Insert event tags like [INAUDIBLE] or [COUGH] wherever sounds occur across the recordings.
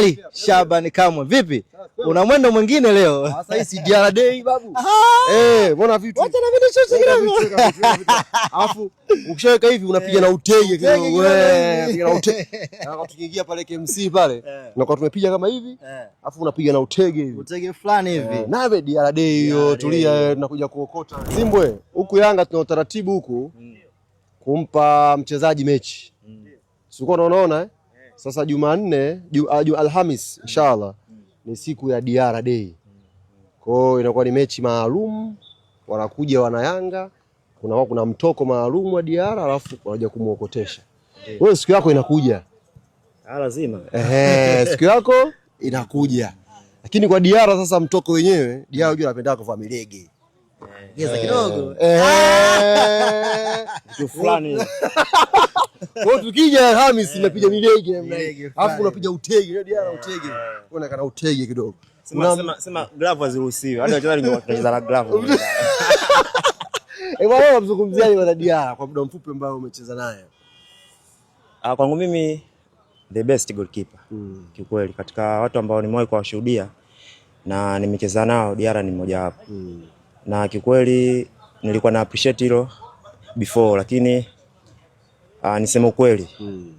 Ali Shabani Kamwe, vipi? Una mwendo mwingine leo? Sasa hii si DR day babu. Ah, eh, mbona vitu? Acha na vitu chochote kidogo. Alafu ukishaweka hivi unapiga na eh, utege kidogo. Wewe, eh, piga na utege. Na [LAUGHS] tukiingia pale KMC pale, eh. na kwa tumepiga kama hivi, alafu unapiga na utege hivi. Utege fulani hivi. Nawe wewe DR day hiyo tulia, tunakuja kuokota. Zimbwe, huku Yanga tuna utaratibu huku kumpa mchezaji mechi. Sikuwa unaona eh? Sasa Jumanne ju, ah, Alhamis inshallah mm. ni siku ya Diara Day, kwa hiyo inakuwa ni mechi maalum, wanakuja wanayanga, kunakuwa kuna mtoko maalum wa Diara alafu wanaja kumwokotesha wewe. Siku yako inakuja ah, lazima, ehe, siku yako inakuja, lakini kwa Diara sasa mtoko wenyewe Diara unajua anapenda kuvaa milege Geza eh. kidogo Eh. Ah! fulani. [LAUGHS] Wewe Tukija Hamis eh. napiga milege namna hiyo. Alafu unapiga utege, yaani ana eh. utege. kana utege kidogo. Sema sema sema glavu haziruhusiwi. Hata wachezaji wangecheza na glavu. [LAUGHS] Eh, bwana unamzungumziaje bwana Diarra kwa muda mfupi ambao umecheza naye? Ah, kwangu mimi the best goalkeeper. Mm. Kiukweli katika watu ambao nimewahi kuwashuhudia na nimecheza nao Diara ni mmoja wapo. Mm na kikweli nilikuwa na appreciate hilo before, lakini uh, niseme ukweli hmm.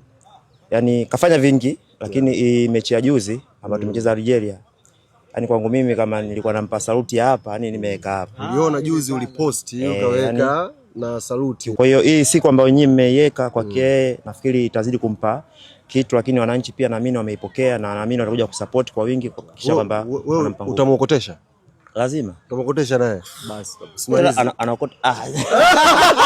yani kafanya vingi lakini yeah. mechi ya juzi ambayo mm. tumecheza Algeria yani kwangu mimi kama nilikuwa nampa saluti hapa yani nimeweka hapa. Ah, Uliona juzi ulipost hiyo eh, kaweka yani, na saluti. Kwa hiyo hii siku ambayo nyinyi mmeiweka kwake hmm. mm. nafikiri itazidi kumpa kitu, lakini wananchi pia naamini wameipokea na naamini watakuja kusupport kwa wingi kuhakikisha kwamba utamwokotesha lazima. Tumekotesha naye. Basi. ah [LAUGHS]